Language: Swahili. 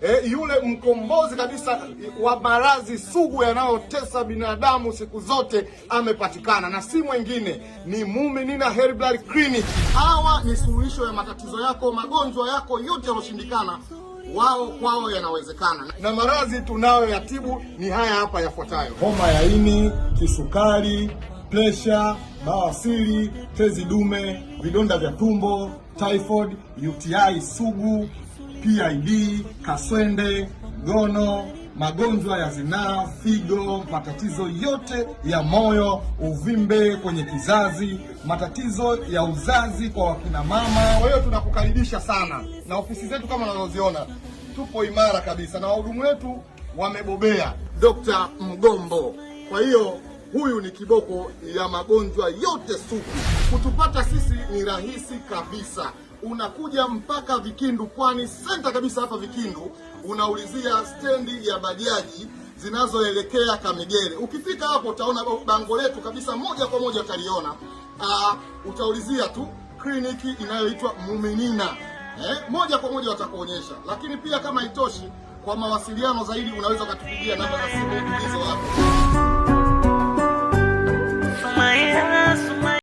eh, yule mkombozi kabisa wa maradhi sugu yanayotesa binadamu siku zote amepatikana, na si mwingine ni Muminina Herbal Clinic. Hawa ni suluhisho ya matatizo yako, magonjwa yako yote yanoshindikana wao kwao yanawezekana, na maradhi tunayo yatibu ni haya hapa yafuatayo: homa ya ini, kisukari, presha, bawasiri, tezi dume, vidonda vya tumbo, typhoid, UTI sugu PID, kaswende, gono, magonjwa ya zinaa, figo, matatizo yote ya moyo, uvimbe kwenye kizazi, matatizo ya uzazi kwa wakina mama. Kwa hiyo tunakukaribisha sana, na ofisi zetu kama unazoziona tupo imara kabisa, na wahudumu wetu wamebobea, Dr. Mgombo. Kwa hiyo huyu ni kiboko ya magonjwa yote sugu. Kutupata sisi ni rahisi kabisa unakuja mpaka Vikindu, pwani senta kabisa hapa Vikindu, unaulizia stendi ya bajaji zinazoelekea Kamegere. Ukifika hapo utaona bango letu kabisa, moja kwa moja utaliona. Uh, utaulizia tu kliniki inayoitwa Muminina eh, moja kwa moja watakuonyesha. Lakini pia kama itoshi, kwa mawasiliano zaidi unaweza ukatupigia namba za simu hizo.